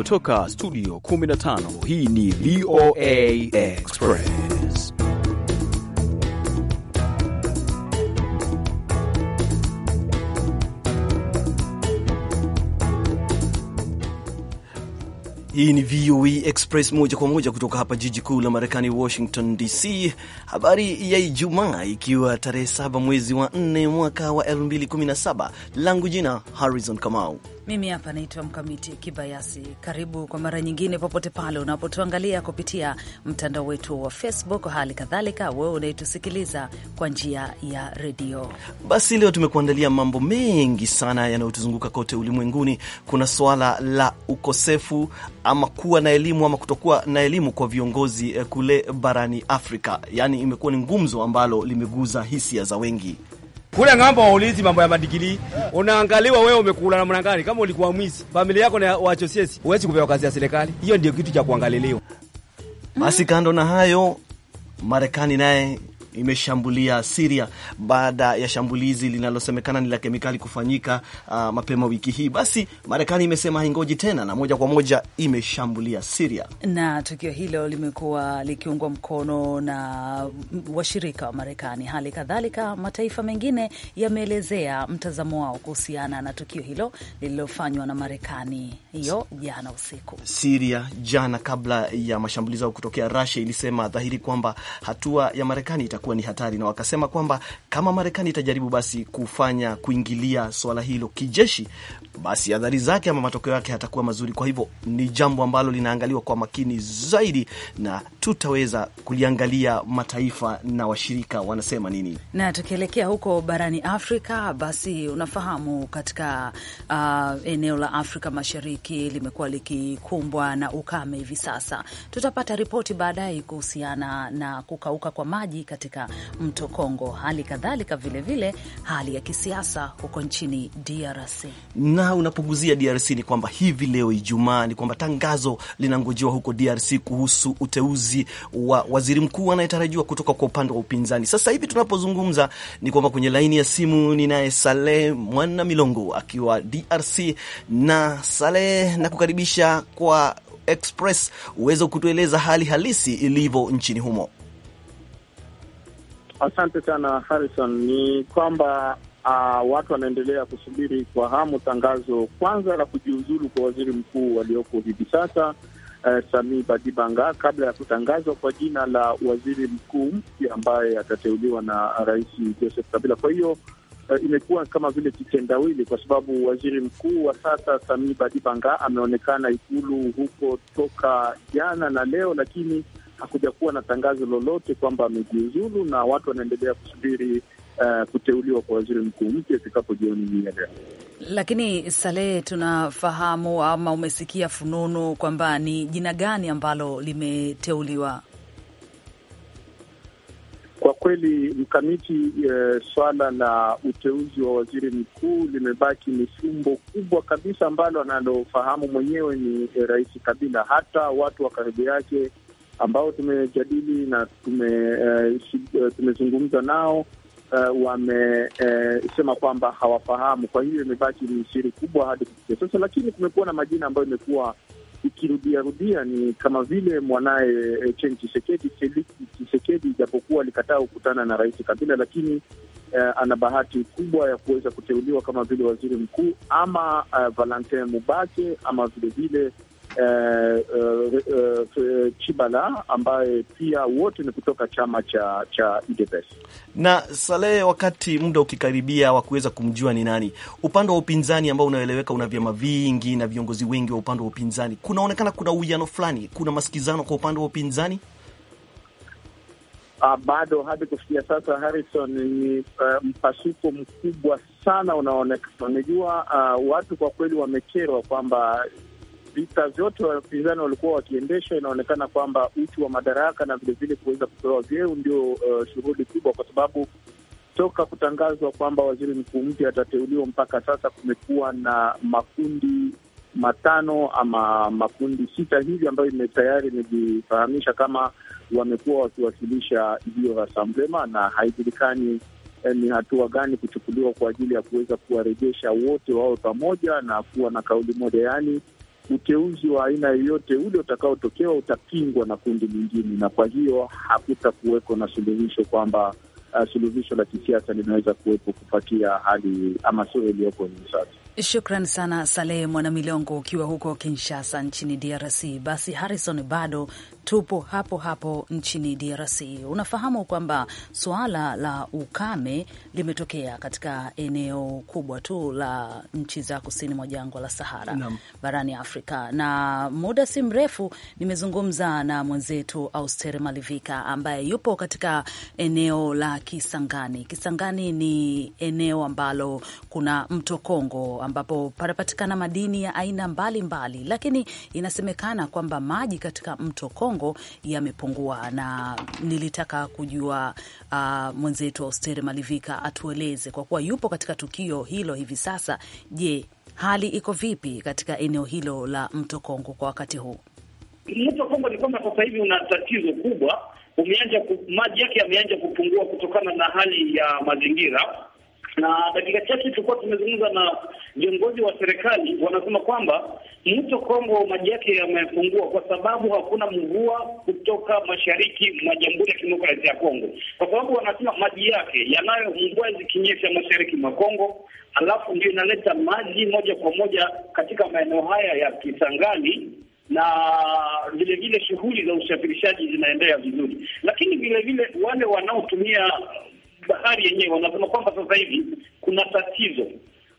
kutoka studio 15 hii ni VOA Express. Hii ni VOA Express moja kwa moja kutoka hapa jiji kuu la Marekani, Washington DC. Habari ya Ijumaa ikiwa tarehe 7 mwezi wa 4 mwaka wa 2017. Langu jina Harrison Kamau mimi hapa naitwa Mkamiti Kibayasi. Karibu kwa mara nyingine, popote pale unapotuangalia kupitia mtandao wetu wa Facebook, hali kadhalika wewe unaitusikiliza kwa njia ya redio. Basi leo tumekuandalia mambo mengi sana yanayotuzunguka kote ulimwenguni. Kuna suala la ukosefu ama kuwa na elimu ama kutokuwa na elimu kwa viongozi eh, kule barani Afrika, yaani imekuwa ni ngumzo ambalo limeguza hisia za wengi. Kule ng'ambo waulizi mambo ya madigiri. Unaangaliwa wewe umekula na gani, kama ulikuwa mwizi, familia yako na wachosiesi, huwezi kupewa kazi ya serikali. Hiyo ndio kitu cha kuangaliliwa. Basi kando na hayo, Marekani naye imeshambulia Siria baada ya shambulizi linalosemekana ni la kemikali kufanyika uh, mapema wiki hii. Basi Marekani imesema haingoji tena na moja kwa moja imeshambulia Siria, na tukio hilo limekuwa likiungwa mkono na washirika wa Marekani. Hali kadhalika mataifa mengine yameelezea mtazamo wao kuhusiana na tukio hilo lililofanywa na Marekani hiyo jana usiku. Siria jana, kabla ya mashambulizi hayo kutokea, Russia ilisema dhahiri kwamba hatua ya Marekani ita itakuwa ni hatari, na wakasema kwamba kama Marekani itajaribu basi kufanya kuingilia swala hilo kijeshi, basi adhari zake ama matokeo yake hatakuwa mazuri. Kwa hivyo ni jambo ambalo linaangaliwa kwa makini zaidi, na tutaweza kuliangalia mataifa na washirika wanasema nini. Na tukielekea huko barani Afrika, basi unafahamu katika uh, eneo la Afrika Mashariki limekuwa likikumbwa na ukame hivi sasa. Tutapata ripoti baadaye kuhusiana na kukauka kwa maji katika katika mto Kongo, hali kadhalika vilevile hali ya kisiasa huko nchini DRC. Na unapoguzia DRC ni kwamba hivi leo Ijumaa ni kwamba tangazo linangojewa huko DRC kuhusu uteuzi wa waziri mkuu anayetarajiwa kutoka kwa upande wa upinzani. Sasa hivi tunapozungumza ni kwamba kwenye laini ya simu ninaye Saleh Mwana Milongo akiwa DRC. Na Saleh, nakukaribisha kwa Express uweze kutueleza hali halisi ilivyo nchini humo. Asante sana Harrison. Ni kwamba uh, watu wanaendelea kusubiri kwa hamu tangazo kwanza la kujiuzulu kwa waziri mkuu walioko hivi sasa uh, Sami Badibanga, kabla ya kutangazwa kwa jina la waziri mkuu mpya ambaye atateuliwa na Rais Joseph Kabila. Kwa hiyo uh, imekuwa kama vile kitendawili, kwa sababu waziri mkuu wa sasa Sami Badibanga ameonekana Ikulu huko toka jana na leo, lakini hakuja kuwa na tangazo lolote kwamba amejiuzulu, na watu wanaendelea kusubiri uh, kuteuliwa kwa waziri mkuu mpya ifikapo jioni hii ya leo. Lakini Salehe, tunafahamu ama umesikia fununu kwamba ni jina gani ambalo limeteuliwa? Kwa kweli mkamiti, e, swala la uteuzi wa waziri mkuu limebaki ni fumbo kubwa kabisa ambalo analofahamu mwenyewe ni eh, Rais Kabila. Hata watu wa karibu yake ambao tumejadili na tume, uh, tumezungumza nao uh, eh, wamesema uh, kwamba hawafahamu. Kwa hiyo imebaki ni siri kubwa hadi kufikia sasa, lakini kumekuwa na majina ambayo imekuwa ikirudiarudia ni kama vile mwanaye Chen Chisekedi. Chisekedi ijapokuwa alikataa kukutana na Rais Kabila, lakini eh, ana bahati kubwa ya kuweza kuteuliwa kama vile waziri mkuu ama eh, Valentin Mubake ama vilevile Eh eh, eh, eh, Chibala ambaye pia wote ni kutoka chama cha cha UDPS. Na Salehe, wakati muda ukikaribia wa kuweza kumjua ni nani upande wa upinzani ambao unaeleweka, una vyama vingi na viongozi wengi wa upande wa upinzani, kunaonekana kuna uwiano fulani, kuna masikizano kwa upande wa upinzani. Uh, bado hadi kufikia sasa Harrison, ni uh, mpasuko mkubwa sana unaonekana. Unajua uh, watu kwa kweli wamekerwa kwamba vita vyote wapinzani walikuwa wakiendesha, inaonekana kwamba uchu wa madaraka na vilevile kuweza kupewa vyeu ndio uh, shughuli kubwa, kwa sababu toka kutangazwa kwamba waziri mkuu mpya atateuliwa mpaka sasa kumekuwa na makundi matano ama makundi sita hivi ambayo tayari imejifahamisha kama wamekuwa wakiwasilisha hiyo rassemblement, na haijulikani eh, ni hatua gani kuchukuliwa kwa ajili ya kuweza kuwarejesha wote wao pamoja na kuwa na kauli moja, yaani uteuzi wa aina yoyote ule utakaotokewa utapingwa na kundi lingine, na kwa hiyo hakutakuweko na suluhisho kwamba uh, suluhisho la kisiasa linaweza kuwepo kufuatia hali ama sio iliyoko hivi sasa. Shukran sana saleh Mwanamilongo, ukiwa huko Kinshasa nchini DRC. Basi Harrison, bado tupo hapo hapo nchini DRC. Unafahamu kwamba suala la ukame limetokea katika eneo kubwa tu la nchi za kusini mwa jangwa la Sahara Nam. barani Afrika, na muda si mrefu nimezungumza na mwenzetu Auster Malivika ambaye yupo katika eneo la Kisangani. Kisangani ni eneo ambalo kuna mto Kongo ambapo panapatikana madini ya aina mbalimbali mbali. Lakini inasemekana kwamba maji katika mto Kongo yamepungua, na nilitaka kujua uh, mwenzetu wa Malivika atueleze kwa kuwa yupo katika tukio hilo hivi sasa. Je, hali iko vipi katika eneo hilo la mto Kongo kwa wakati huu? Mto Kongo ni kwamba sasa hivi una tatizo kubwa, maji yake yameanja kupungua kutokana na hali ya mazingira na dakika chache tulikuwa tumezungumza na viongozi wa serikali, wanasema kwamba mto Kongo maji yake yamepungua kwa sababu hakuna mvua kutoka mashariki mwa Jamhuri ya Kidemokrasia ya Kongo, kwa sababu wanasema maji yake yanayo mvua zikinyesha mashariki mwa Kongo, alafu ndio inaleta maji moja kwa moja katika maeneo haya ya Kisangani na vile vile shughuli za usafirishaji zinaendelea vizuri, lakini vile vile wale wanaotumia bahari yenyewe wanasema kwamba sasa hivi kuna tatizo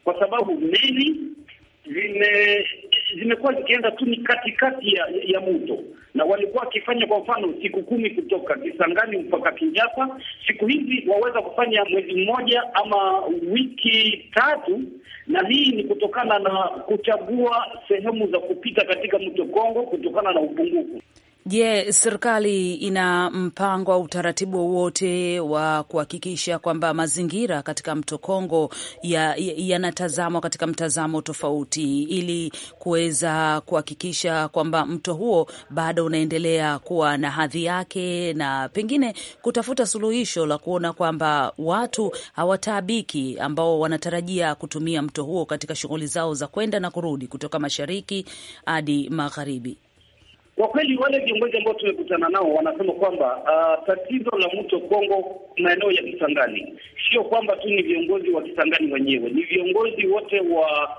kwa sababu meli zime zimekuwa zikienda tu ni katikati ya, ya mto na walikuwa wakifanya kwa mfano siku kumi kutoka Kisangani mpaka Kinjasa. Siku hizi waweza kufanya mwezi mmoja ama wiki tatu, na hii ni kutokana na kuchagua sehemu za kupita katika mto Kongo kutokana na upungufu Je, serikali ina mpango au utaratibu wowote wa kuhakikisha kwamba mazingira katika mto Kongo yanatazamwa ya, ya katika mtazamo tofauti ili kuweza kuhakikisha kwamba mto huo bado unaendelea kuwa na hadhi yake na pengine kutafuta suluhisho la kuona kwamba watu hawataabiki ambao wanatarajia kutumia mto huo katika shughuli zao za kwenda na kurudi kutoka mashariki hadi magharibi? Kwa kweli wale viongozi ambao tumekutana nao wanasema kwamba uh, tatizo la mto Kongo maeneo ya Kisangani sio kwamba tu ni viongozi wa Kisangani wenyewe, ni viongozi wote wa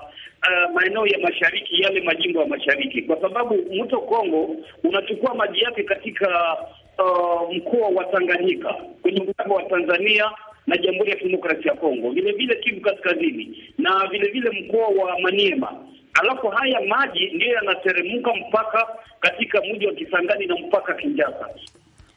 Uh, maeneo ya mashariki yale majimbo ya mashariki, kwa sababu mto Kongo unachukua maji yake katika uh, mkoa wa Tanganyika kwenye mpaka wa Tanzania na Jamhuri ya Kidemokrasia ya Kongo, vile vile Kivu Kaskazini na vile vile mkoa wa Maniema alafu haya maji ndiyo yanateremka mpaka katika mji wa Kisangani na mpaka Kinjasa.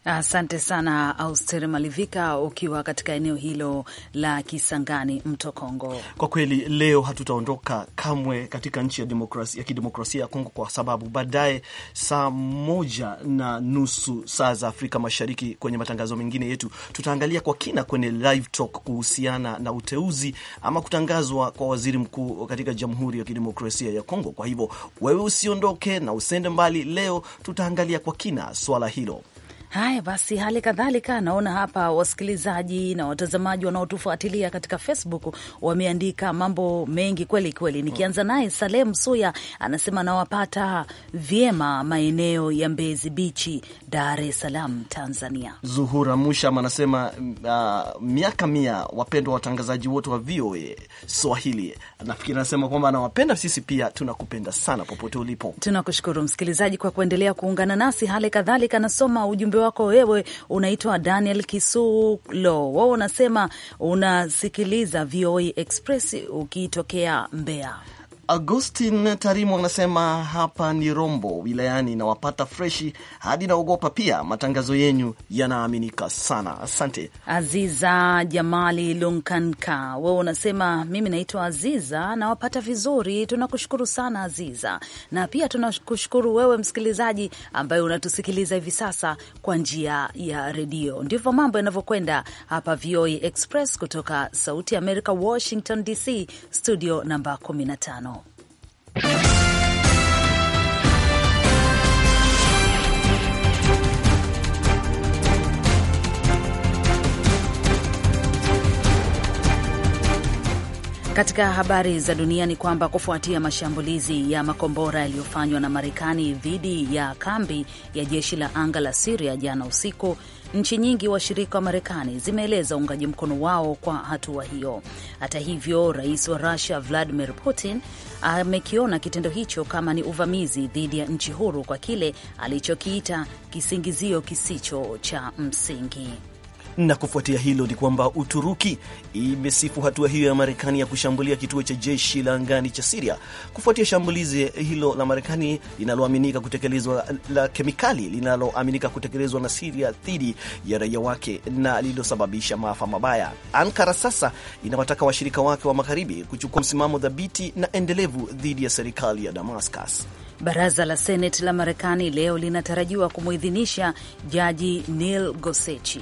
Asante sana auster Malivika, ukiwa katika eneo hilo la Kisangani, mto Kongo. Kwa kweli leo hatutaondoka kamwe katika nchi ya, ya kidemokrasia ya Kongo kwa sababu baadaye saa moja na nusu saa za Afrika Mashariki, kwenye matangazo mengine yetu tutaangalia kwa kina kwenye live talk kuhusiana na uteuzi ama kutangazwa kwa waziri mkuu katika Jamhuri ya Kidemokrasia ya Kongo. Kwa hivyo wewe usiondoke na usende mbali, leo tutaangalia kwa kina swala hilo. Haya basi, hali kadhalika naona hapa wasikilizaji na watazamaji wanaotufuatilia katika Facebook wameandika mambo mengi kweli kweli. Nikianza naye Salem Suya anasema nawapata vyema maeneo ya Mbezi Bichi, Dar es Salaam, Tanzania. Zuhura Musham anasema uh, miaka mia, wapendwa watangazaji wote wa VOA Swahili. Nafikiri anasema kwamba anawapenda sisi, pia tunakupenda sana popote ulipo. Tunakushukuru msikilizaji kwa kuendelea kuungana nasi. Hali kadhalika nasoma ujumbe Ujumbe wako wewe unaitwa Daniel Kisulo, wao unasema unasikiliza VOA Express ukitokea Mbeya. Augustin tarimu anasema hapa ni Rombo wilayani, nawapata freshi hadi naogopa. Pia matangazo yenyu yanaaminika sana, asante. Aziza Jamali Lunkanka, wewe unasema mimi naitwa Aziza, nawapata vizuri. Tunakushukuru sana Aziza, na pia tunakushukuru wewe msikilizaji ambaye unatusikiliza hivi sasa kwa njia ya redio. Ndivyo mambo yanavyokwenda hapa VOA e Express kutoka Sauti ya Amerika, Washington DC, studio namba 15. Katika habari za dunia ni kwamba kufuatia mashambulizi ya makombora yaliyofanywa na Marekani dhidi ya kambi ya jeshi la anga la Siria jana usiku, Nchi nyingi washirika wa Marekani zimeeleza uungaji mkono wao kwa hatua wa hiyo. Hata hivyo, rais wa Rusia Vladimir Putin amekiona kitendo hicho kama ni uvamizi dhidi ya nchi huru kwa kile alichokiita kisingizio kisicho cha msingi. Na kufuatia hilo ni kwamba Uturuki imesifu hatua hiyo ya Marekani ya kushambulia kituo cha jeshi la angani cha Siria kufuatia shambulizi hilo la Marekani linaloaminika kutekelezwa la kemikali linaloaminika kutekelezwa na Siria dhidi ya raia wake na lililosababisha maafa mabaya. Ankara sasa inawataka washirika wake wa magharibi kuchukua msimamo dhabiti na endelevu dhidi ya serikali ya Damascus. Baraza la Seneti la Marekani leo linatarajiwa kumwidhinisha jaji Neil Gorsuch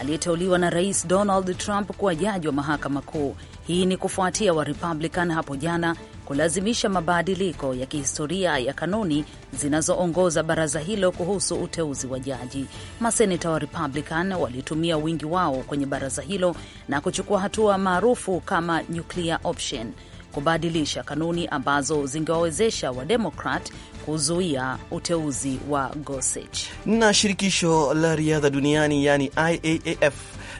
aliyeteuliwa na Rais Donald Trump kuwa jaji wa mahakama kuu. Hii ni kufuatia wa Republican hapo jana kulazimisha mabadiliko ya kihistoria ya kanuni zinazoongoza baraza hilo kuhusu uteuzi wa jaji. Maseneta wa Republican walitumia wingi wao kwenye baraza hilo na kuchukua hatua maarufu kama nuclear option kubadilisha kanuni ambazo zingewawezesha Wademokrat kuzuia uteuzi wa Gosich. Na shirikisho la riadha duniani yani IAAF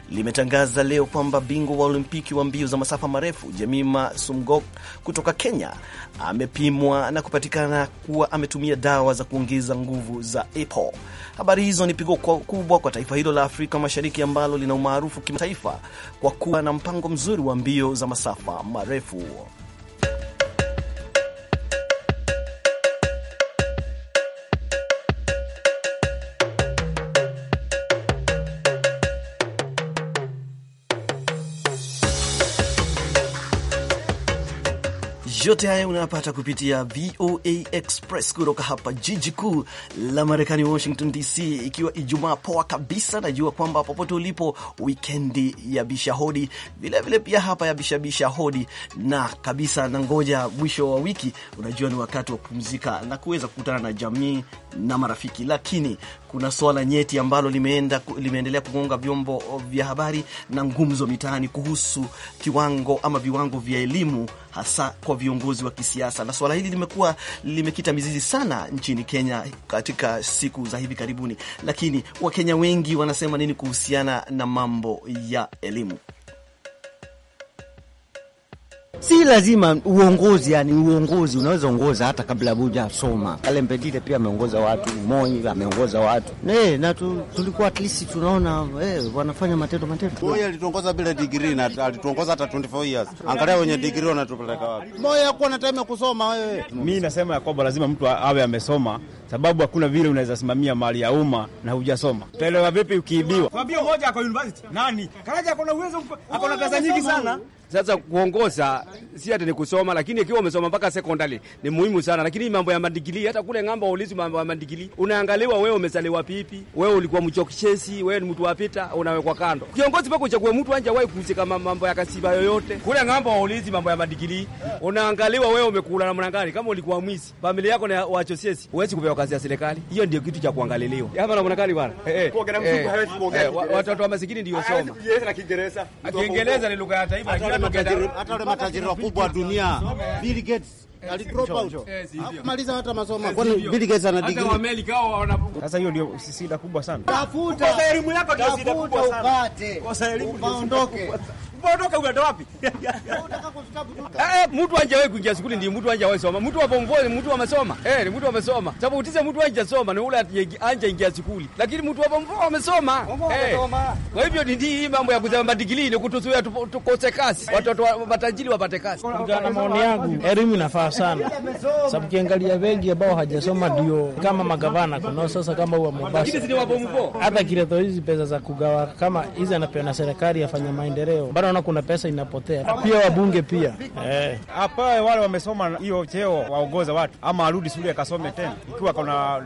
limetangaza leo kwamba bingwa wa Olimpiki wa mbio za masafa marefu Jemima Sumgok kutoka Kenya amepimwa na kupatikana kuwa ametumia dawa za kuongeza nguvu za EPO. Habari hizo ni pigo kubwa kwa taifa hilo la Afrika Mashariki ambalo lina umaarufu kimataifa kwa kuwa na mpango mzuri wa mbio za masafa marefu. Yote haya unayapata kupitia VOA Express kutoka hapa jiji kuu la Marekani, Washington DC, ikiwa Ijumaa poa kabisa. Najua kwamba popote ulipo, wikendi ya bisha hodi vilevile, pia hapa ya bisha bisha hodi na kabisa, na ngoja mwisho wa wiki, unajua ni wakati wa kupumzika na kuweza kukutana na jamii na marafiki, lakini kuna swala nyeti ambalo limeenda, limeendelea kugonga vyombo vya habari na ngumzo mitaani kuhusu kiwango ama viwango vya elimu hasa kwa vio viongozi wa kisiasa, na suala hili limekuwa limekita mizizi sana nchini Kenya katika siku za hivi karibuni. Lakini Wakenya wengi wanasema nini kuhusiana na mambo ya elimu? si lazima uongozi, yani uongozi unaweza ongoza hata kabla buja soma. Kale Kalembedile pia ameongoza watu, Moi ameongoza watu ne, na tu, tulikuwa at least tunaona eh, wanafanya matendo matendo. Moi alituongoza bila degree na alituongoza hata 24 years. Ah, Angalia wenye degree wanatupeleka wapi? Moi hakuwa na time ya kusoma. Wewe mimi nasema ya kwamba lazima mtu awe amesoma, sababu hakuna vile unaweza simamia mali ya umma na hujasoma. Utaelewa vipi ukiibiwa? Mwambie moja kwa university nani karaja, akona uwezo, akona pesa nyingi sana sasa kuongoza si hata ni kusoma, lakini ikiwa umesoma mpaka sekondari ni muhimu sana. Lakini mambo ya madigili, hata kule ng'ambo waulizi mambo ya madigili, unaangaliwa wewe umezaliwa pipi, wewe ulikuwa mchochesi, wewe ni mtu wapita, unawekwa kando. Kiongozi mpaka uchague mtu anje wahi kuhusika mambo ya kasiba yoyote. Kule ng'ambo waulizi mambo ya madigili, unaangaliwa wewe umekula namna gani, kama ulikuwa mwizi, familia yako ni wachochesi, huwezi kupewa kazi ya serikali. Hiyo ndio kitu cha kuangaliliwa hapa namna gani bwana. Eh, eh. Eh, watoto wa masikini ndio soma Kiingereza, ni lugha ya taifa hata wale matajiri wakubwa wa dunia Bill Gates eh, maliza hata masomo. Eh, Kwani Bill Gates Sasa hiyo ndio shida kubwa sana. Tafuta elimu yako, ndio shida Kosa elimu, uondoke. Unapotoka unaenda wapi? Eh, eh, mtu anjawahi kuingia shule ndio mtu anjawahi soma. Mtu wa bombo ni mtu amesoma. Eh, ni mtu amesoma. Sababu utize mtu soma ni ule ingia shule. Lakini mtu wa bombo eh. amesoma. Kwa hivyo ndio hii mambo ya kuzama digrii ni kutuzuia tukose kazi. Eh. Watoto matajiri wapate kazi. Kwa maoni yangu elimu inafaa sana. Sababu kiangalia wengi ambao hajasoma ndio kama magavana kuna sasa kama wa Mombasa. Hata kile hizi pesa za kugawa kama hizi anapewa na serikali afanye maendeleo. Bado naona kuna pesa inapotea pia, wabunge pia eh, hapa wale wamesoma hiyo cheo waongoza watu, ama arudi shule akasome tena, ikiwa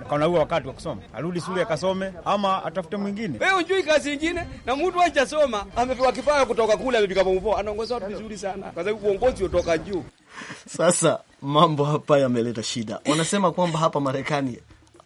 kauna huo wakati wa kusoma, arudi shule akasome ama atafute mwingine. Wewe unjui kazi nyingine, na mtu anachasoma amepewa kipao kutoka kule, amefika anaongoza watu vizuri sana, kwa sababu uongozi utoka juu. Sasa mambo hapa yameleta shida, wanasema kwamba hapa Marekani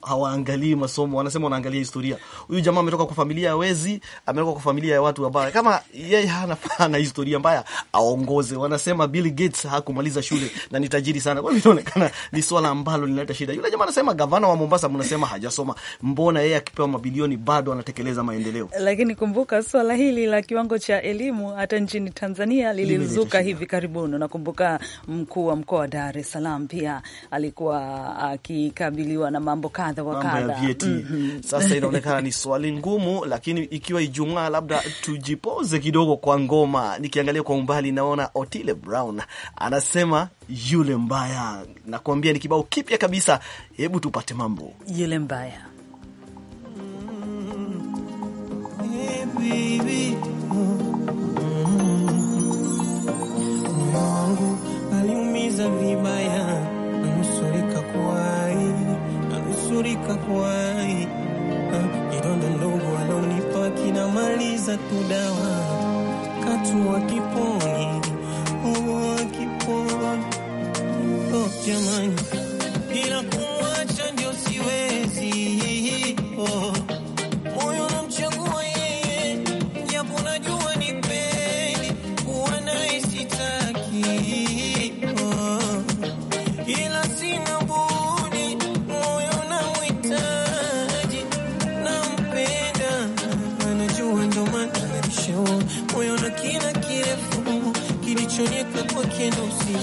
hawaangalii masomo, wanasema wanaangalia historia. Huyu jamaa ametoka kwa familia ya wezi, ametoka kwa familia ya watu wabaya. Kama yeye hana fana historia mbaya, aongoze. Wanasema Bill Gates hakumaliza shule na ni tajiri sana, kwa hivyo inaonekana ni swala ambalo linaleta shida. Yule jamaa anasema, gavana wa Mombasa mnasema hajasoma, mbona yeye akipewa mabilioni bado anatekeleza maendeleo? Lakini kumbuka swala hili la kiwango cha elimu hata nchini Tanzania lilizuka hivi karibuni. Nakumbuka mkuu wa mkoa wa Dar es Salaam pia alikuwa akikabiliwa na mambo kali kadha wa kadha, mm -hmm. Sasa inaonekana ni swali ngumu, lakini ikiwa Ijumaa, labda tujipoze kidogo kwa ngoma. Nikiangalia kwa umbali, naona Otile Brown anasema yule mbaya. Nakuambia ni kibao kipya kabisa, hebu tupate mambo yule mbaya mm -hmm. hey, baby. Mungu aliumiza vibaya kunusurika kwai kidonda ndogo wanaonipaki na maliza tu katu wa kiponi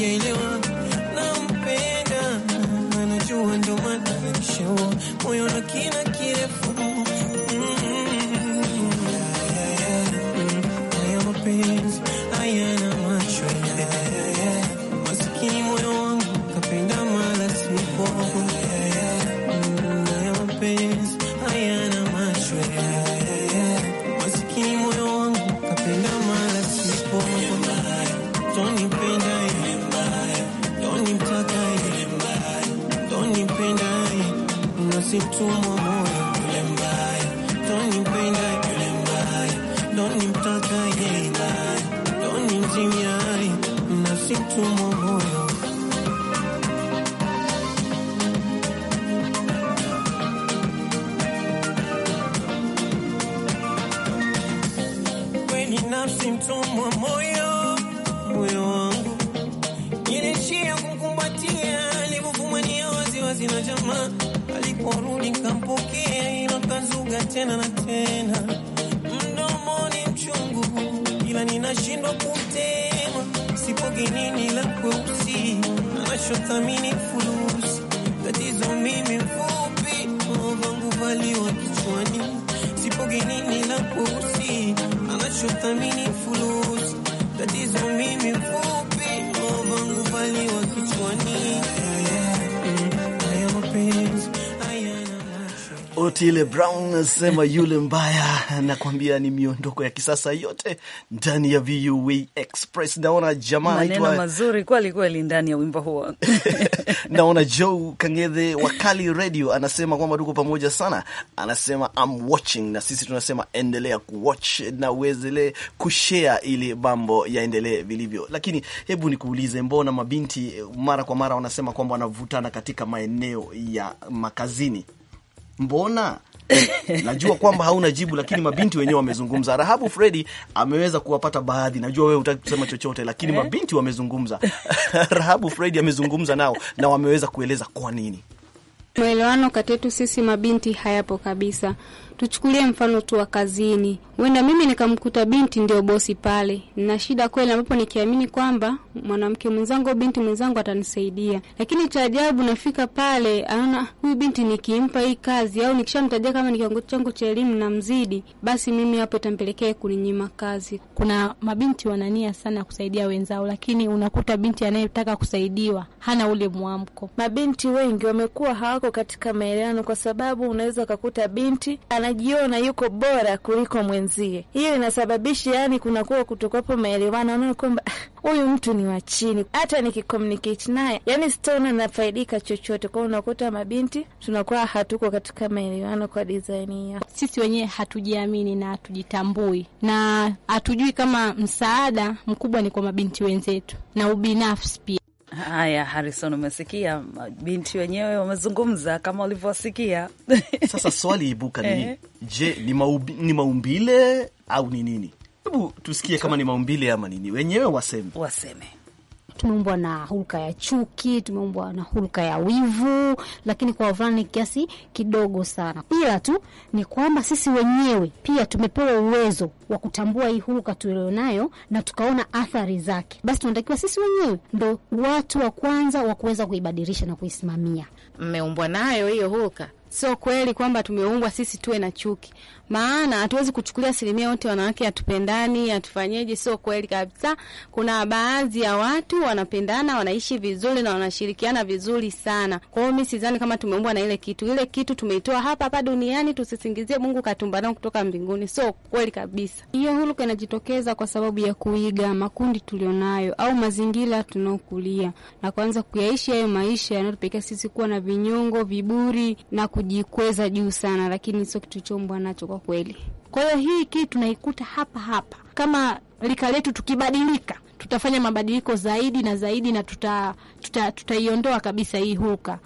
You. kutumwa moyo yule mbaya, tonipenda yule sauti ile Brown nasema yule mbaya, nakwambia ni miondoko ya kisasa yote ndani ya VOA e Express. Naona jamaa naitwa mazuri kweli kweli ndani ya wimbo huo naona Joe Kangethe wakali radio anasema kwamba tuko pamoja sana, anasema I'm watching, na sisi tunasema endelea kuwatch na uwezele kushare ili mambo yaendelee vilivyo. Lakini hebu nikuulize, mbona mabinti mara kwa mara wanasema kwamba wanavutana katika maeneo ya makazini? mbona najua kwamba hauna jibu, lakini mabinti wenyewe wamezungumza. Rahabu Fredi ameweza kuwapata baadhi, najua wewe hutaki kusema chochote, lakini eh? mabinti wamezungumza. Rahabu Fredi amezungumza nao na wameweza kueleza kwa nini maelewano kati yetu sisi mabinti hayapo kabisa. Tuchukulie mfano tu wa kazini, huenda mimi nikamkuta binti ndio bosi pale, na shida kweli, ambapo nikiamini kwamba mwanamke mwenzangu au binti mwenzangu atanisaidia. Lakini cha ajabu, nafika pale, anaona huyu binti nikimpa hii kazi au nikishamtajia kama ni kiwango changu cha elimu na mzidi, basi mimi hapo itampelekea kuninyima kazi. Kuna mabinti wanania sana kusaidia wenzao, lakini unakuta binti anayetaka kusaidiwa hana ule mwamko. Mabinti wengi wamekuwa hawako katika maelewano, kwa sababu unaweza ukakuta binti anajiona yuko bora kuliko mwenzao mwenzie. Hiyo inasababisha yani kunakuwa kutokapo maelewano, anaona kwamba huyu mtu ni wa chini, hata nikicommunicate naye yani sitaona nafaidika chochote kwao. Unakuta mabinti tunakuwa hatuko katika maelewano kwa design hiyo. Sisi wenyewe hatujiamini na hatujitambui na hatujui kama msaada mkubwa ni kwa mabinti wenzetu na ubinafsi pia. Haya, harison umesikia binti wenyewe wamezungumza kama walivyosikia Sasa swali ibuka ni eh. Je, ni, maubi, ni maumbile au ni nini? Hebu tusikie kama ni maumbile ama nini, wenyewe waseme waseme tumeumbwa na hulka ya chuki, tumeumbwa na hulka ya wivu, lakini kwa wavulana ni kiasi kidogo sana. Ila tu ni kwamba sisi wenyewe pia tumepewa uwezo wa kutambua hii hulka tulionayo na tukaona athari zake, basi tunatakiwa sisi wenyewe ndo watu wa kwanza wa kuweza kuibadilisha na kuisimamia. Mmeumbwa nayo hiyo hulka. Sio kweli kwamba tumeumbwa sisi tuwe na chuki maana hatuwezi kuchukulia asilimia wote wanawake hatupendani, hatufanyeje, sio kweli kabisa. Kuna baadhi ya watu wanapendana, wanaishi vizuri na wanashirikiana vizuri sana. Kwa hiyo mimi sidhani kama tumeumbwa na ile kitu, ile kitu tumeitoa hapa hapa duniani, tusisingizie Mungu katumba nao kutoka mbinguni, sio kweli kabisa. Hiyo huluka inajitokeza kwa sababu ya kuiga makundi tulionayo au mazingira tunaokulia na kuanza kuyaishi hayo maisha yanayotupelekea sisi kuwa na vinyongo, viburi na kujikweza juu sana, lakini sio kitu chombwa nacho kwa kweli. Kwa hiyo hii kitu tunaikuta hapa hapa. Kama rika letu tukibadilika, tutafanya mabadiliko zaidi na zaidi, na tutaiondoa tuta, tuta kabisa hii huka.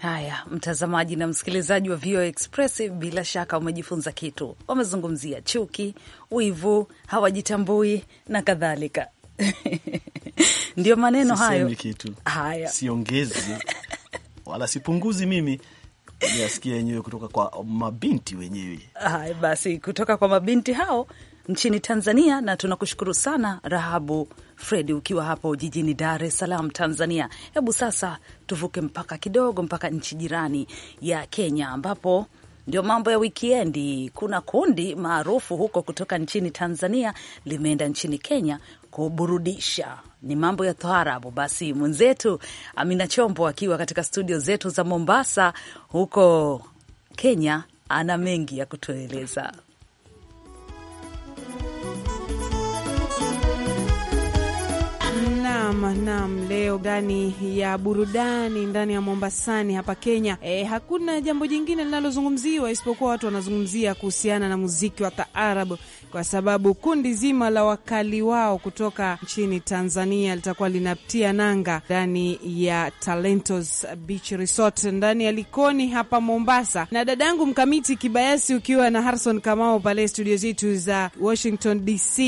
Haya, mtazamaji na msikilizaji wa VOA Express, bila shaka umejifunza kitu. Wamezungumzia chuki, wivu, hawajitambui na kadhalika. Ndio maneno hayo. Kitu haya siongezi wala sipunguzi mimi Niasikia yenyewe kutoka kwa mabinti wenyewe. Haya basi, kutoka kwa mabinti hao nchini Tanzania. Na tunakushukuru sana Rahabu Fredi, ukiwa hapo jijini Dar es Salaam, Tanzania. Hebu sasa tuvuke mpaka kidogo mpaka nchi jirani ya Kenya, ambapo ndio mambo ya wikiendi. Kuna kundi maarufu huko kutoka nchini Tanzania limeenda nchini Kenya kuburudisha ni mambo ya taarabu. Basi mwenzetu Amina Chombo akiwa katika studio zetu za Mombasa huko Kenya ana mengi ya kutueleza. Nam nam, leo ndani ya burudani ndani ya Mombasani hapa Kenya. E, hakuna jambo jingine linalozungumziwa isipokuwa watu wanazungumzia kuhusiana na muziki wa taarabu, kwa sababu kundi zima la wakali wao kutoka nchini Tanzania litakuwa linatia nanga ndani ya Talentos Beach Resort ndani ya Likoni hapa Mombasa. Na dadangu Mkamiti Kibayasi, ukiwa na Harrison kamao pale studio zetu za Washington DC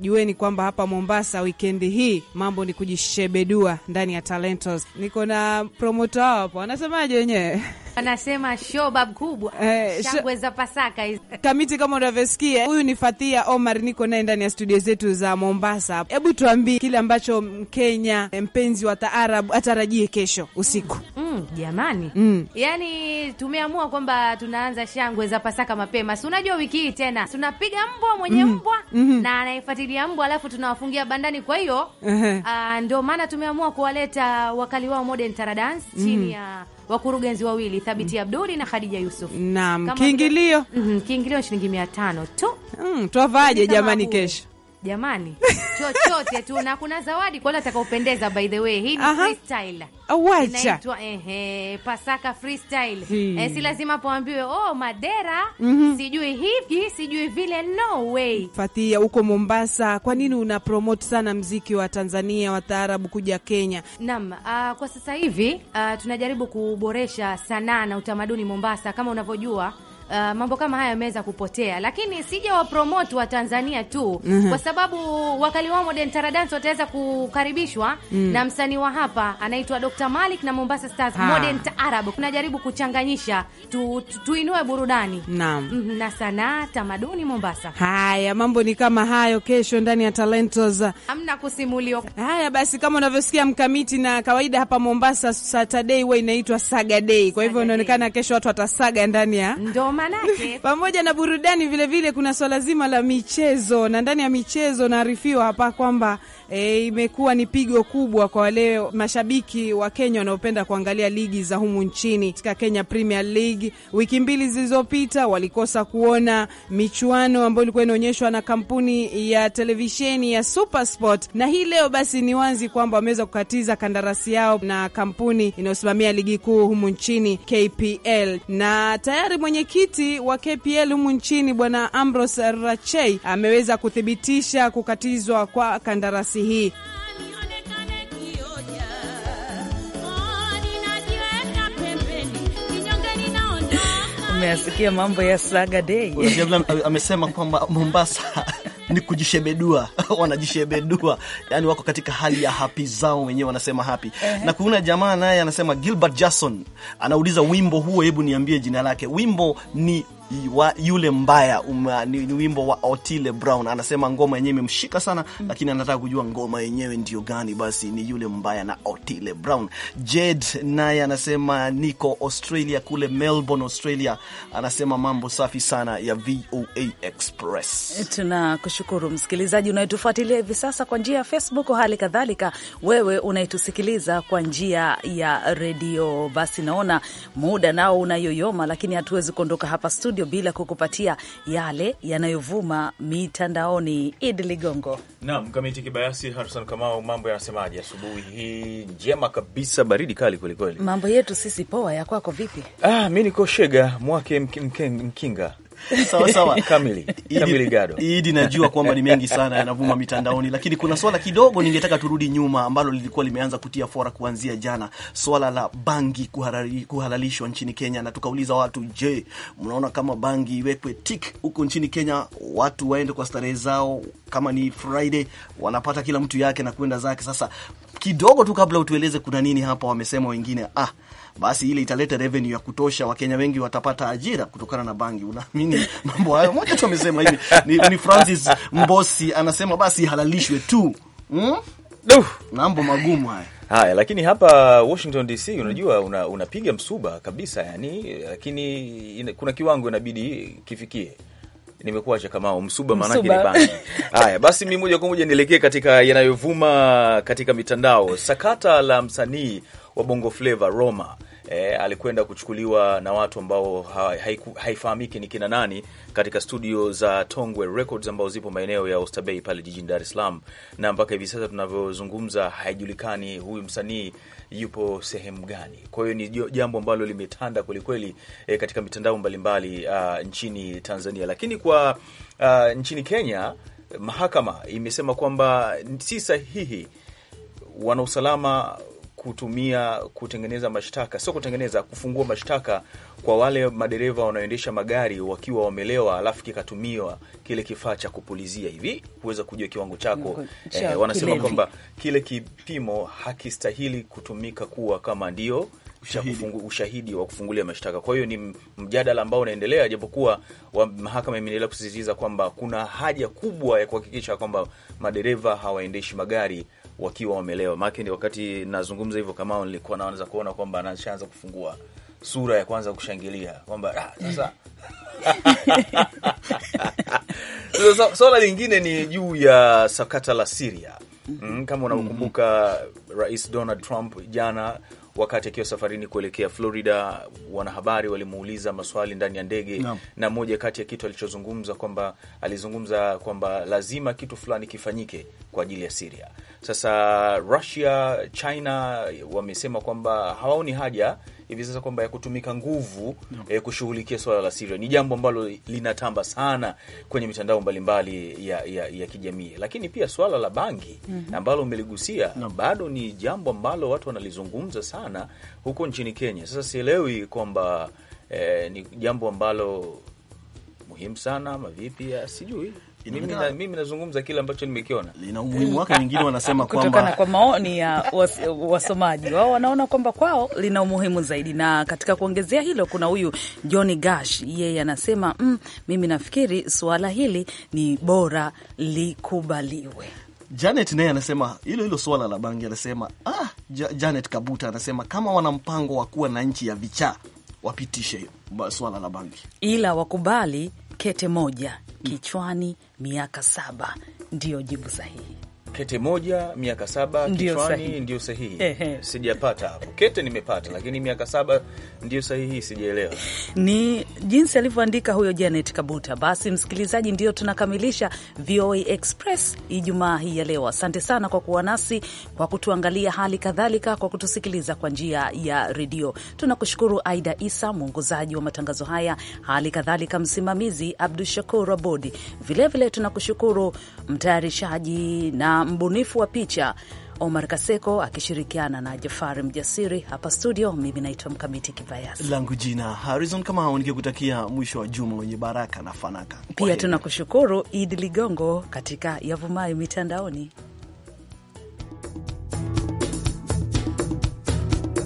jueni kwamba hapa Mombasa wikendi hii mambo ni kujishebedua ndani ya Talentos. Niko na promota wao hapo, wanasemaje wenyewe? Anasema shoba kubwa eh, shangwe za Pasaka hizi kamiti. Kama unavyosikia, huyu ni Fathia Omar, niko naye ndani ya studio zetu za Mombasa. Hebu tuambie kile ambacho Mkenya mpenzi wa taarabu atarajie kesho usiku. Mm, jamani mm. Yani tumeamua kwamba tunaanza shangwe za Pasaka mapema, si unajua wiki hii tena tunapiga mbwa mwenye mm. mbwa mm -hmm. na anaifuatilia mbwa, alafu tunawafungia bandani. Kwa hiyo uh ah, -huh. ndio maana tumeamua kuwaleta wakali wao Modern Taradance mm-hmm. chini mm -hmm wakurugenzi wawili Thabiti Abduli na Khadija Yusuf. Naam, kiingilio mhm, kiingilio shilingi mia tano tu. Mm, twavaje jamani kesho? Jamani, chochote tu na kuna zawadi kwa wale atakaopendeza. By the way, hii ni freestyle, ah, inaitwa ehe, Pasaka freestyle. Eh, si lazima poambiwe oh, Madera mm -hmm. sijui hivi sijui vile, no way. Fatia, huko Mombasa, kwa nini una promote sana mziki wa Tanzania wa taarabu kuja Kenya? Naam, uh, kwa sasa hivi uh, tunajaribu kuboresha sanaa na utamaduni Mombasa, kama unavyojua uh, mambo kama haya yameweza kupotea, lakini sija wapromote wa Tanzania tu mm -hmm. kwa sababu wakali wao Modern Taradance wataweza kukaribishwa mm. na msanii wa hapa anaitwa Dr. Malik na Mombasa Stars ha. Modern Arab tunajaribu kuchanganyisha tu, tu, tuinue burudani na, mhm, na sanaa tamaduni Mombasa. Haya, mambo ni kama hayo, kesho ndani ya Talentos hamna kusimuliwa. Haya basi, kama unavyosikia mkamiti, na kawaida hapa Mombasa Saturday huwa inaitwa Saga Day, kwa hivyo inaonekana kesho watu watasaga ndani ya Ndoma manake pamoja na burudani vilevile vile kuna swala zima la michezo, na ndani ya michezo naarifiwa hapa kwamba e, imekuwa ni pigo kubwa kwa wale mashabiki wa Kenya wanaopenda kuangalia ligi za humu nchini katika Kenya Premier League. Wiki mbili zilizopita walikosa kuona michuano ambayo ilikuwa inaonyeshwa na kampuni ya televisheni ya SuperSport, na hii leo basi ni wazi kwamba wameweza kukatiza kandarasi yao na kampuni inayosimamia ligi kuu humu nchini KPL, na tayari mwenyekiti wa KPL humu nchini Bwana Ambrose Rachei ameweza kuthibitisha kukatizwa kwa kandarasi nafasi hii. Umeasikia mambo ya Saga Day amesema kwamba Mombasa ni kujishebedua wanajishebedua, yani wako katika hali ya hapi zao wenyewe, wanasema hapi. Na kuna jamaa naye anasema, Gilbert jason anauliza wimbo huo, hebu niambie jina lake. Wimbo ni wa yule mbaya uma, ni, ni wimbo wa Otile Brown. Anasema ngoma yenyewe imemshika sana mm, lakini anataka kujua ngoma yenyewe ndio gani. Basi ni yule mbaya na Otile Brown. Jed naye anasema niko Australia kule Melbourne, Australia. Anasema mambo safi sana ya VOA Express. Tunakushukuru msikilizaji unayetufuatilia hivi sasa kwa njia ya Facebook, hali kadhalika wewe unayetusikiliza kwa njia ya redio. Basi naona muda nao unayoyoma, lakini hatuwezi kuondoka hapa studio studio bila kukupatia yale yanayovuma mitandaoni. Idi Ligongo nam Kamiti Kibayasi, Harison Kamau, mambo yanasemaje asubuhi hii? Njema kabisa, baridi kali kwelikweli. Mambo yetu sisi poa, ya kwako vipi? Ah, mi niko Shega Mwake Mkinga sawa sawa, kamili kamili gado Idi, najua kwamba ni mengi sana yanavuma mitandaoni, lakini kuna swala kidogo ningetaka turudi nyuma, ambalo lilikuwa limeanza kutia fora kuanzia jana, swala la bangi kuharari, kuhalalishwa nchini Kenya, na tukauliza watu, je, mnaona kama bangi iwekwe tik huko nchini Kenya, watu waende kwa starehe zao, kama ni Friday wanapata kila mtu yake na kwenda zake. Sasa kidogo tu kabla utueleze kuna nini hapa, wamesema wengine ah, basi ile italeta revenue ya kutosha, Wakenya wengi watapata ajira kutokana na bangi. Unaamini mambo hayo? Moja tu amesema hivi ni, ni Francis Mbosi anasema basi ihalalishwe tu mm? mambo magumu haya haya, lakini hapa Washington DC unajua una, unapiga msuba kabisa yani, lakini ina, kuna kiwango inabidi kifikie nimekuacha kama msuba, maanake ni bangi. Haya basi, mi moja kwa moja nielekee katika yanayovuma katika mitandao, sakata la msanii wa Bongo Flava Roma e, alikwenda kuchukuliwa na watu ambao ha, ha, haifahamiki ni kina nani katika studio za Tongwe Records ambao zipo maeneo ya Oysterbay pale jijini Dar es Salaam, na mpaka hivi sasa tunavyozungumza haijulikani huyu msanii yupo sehemu gani. Kwa hiyo ni jambo ambalo limetanda kwelikweli e, katika mitandao mbalimbali uh, nchini Tanzania, lakini kwa uh, nchini Kenya mahakama imesema kwamba si sahihi wanausalama kutumia kutengeneza mashtaka, sio kutengeneza, kufungua mashtaka kwa wale madereva wanaoendesha magari wakiwa wamelewa, alafu kikatumiwa kile kifaa cha kupulizia hivi kuweza kujua kiwango chako eh, wanasema kwamba kile kipimo hakistahili kutumika kuwa kama ndio ushahidi, ushahidi wa kufungulia mashtaka. Kwa hiyo ni mjadala ambao unaendelea, japokuwa mahakama imeendelea kusisitiza kwamba kuna haja kubwa ya kuhakikisha kwamba madereva hawaendeshi magari wakiwa wamelewa. ni wakati nazungumza hivyo, kama nilikuwa naanza kuona kwamba anashaanza kufungua sura ya kwanza kushangilia kwamba ah, sasa swala so, so, lingine ni juu ya sakata la siria Mm, kama unakumbuka mm -hmm. Rais Donald Trump jana wakati akiwa safarini kuelekea Florida, wanahabari walimuuliza maswali ndani ya ndege no. na moja kati ya kitu alichozungumza kwamba alizungumza kwamba lazima kitu fulani kifanyike kwa ajili ya siria Sasa Russia, China wamesema kwamba hawaoni haja hivi sasa kwamba ya kutumika nguvu no. eh, kushughulikia swala la Syria ni jambo ambalo linatamba sana kwenye mitandao mbalimbali ya, ya, ya kijamii, lakini pia swala la bangi mm -hmm. ambalo umeligusia no. bado ni jambo ambalo watu wanalizungumza sana huko nchini Kenya. Sasa sielewi kwamba eh, ni jambo ambalo muhimu sana mavipi, sijui mimi nazungumza kile ambacho nimekiona, lina umuhimu wake. Wengine wanasema kutokana kwa maoni ya was, wasomaji wao wanaona kwamba kwao lina umuhimu zaidi. Na katika kuongezea hilo, kuna huyu Johnny Gash, yeye anasema mm, mimi nafikiri suala hili ni bora likubaliwe. Janet naye anasema hilo hilo suala la bangi, anasema ah, Janet Kabuta anasema kama wana mpango wa kuwa na nchi ya vichaa wapitishe suala la bangi, ila wakubali kete moja kichwani miaka saba, ndiyo jibu sahihi. Kete moja miaka saba ndiyo kichwani sahihi. Ndiyo sahihi eh, sijapata hapo. Kete nimepata, lakini miaka saba ndiyo sahihi sijaelewa. Ni jinsi alivyoandika huyo Janet Kabuta. Basi msikilizaji, ndio tunakamilisha VOA Express Ijumaa hii ya leo. Asante sana kwa kuwa nasi, kwa kutuangalia, hali kadhalika kwa kutusikiliza kwa njia ya redio. Tunakushukuru Aida Isa, mwongozaji wa matangazo haya, hali kadhalika msimamizi Abdu Shakur Abodi. Vilevile tunakushukuru mtayarishaji na mbunifu wa picha Omar Kaseko akishirikiana na Jafari Mjasiri. Hapa studio, mimi naitwa Mkamiti Kibayasi, langu jina Harizon Kamau, nikikutakia mwisho wa juma wenye baraka na fanaka. Pia tunakushukuru Idi Ligongo katika Yavumayo Mitandaoni.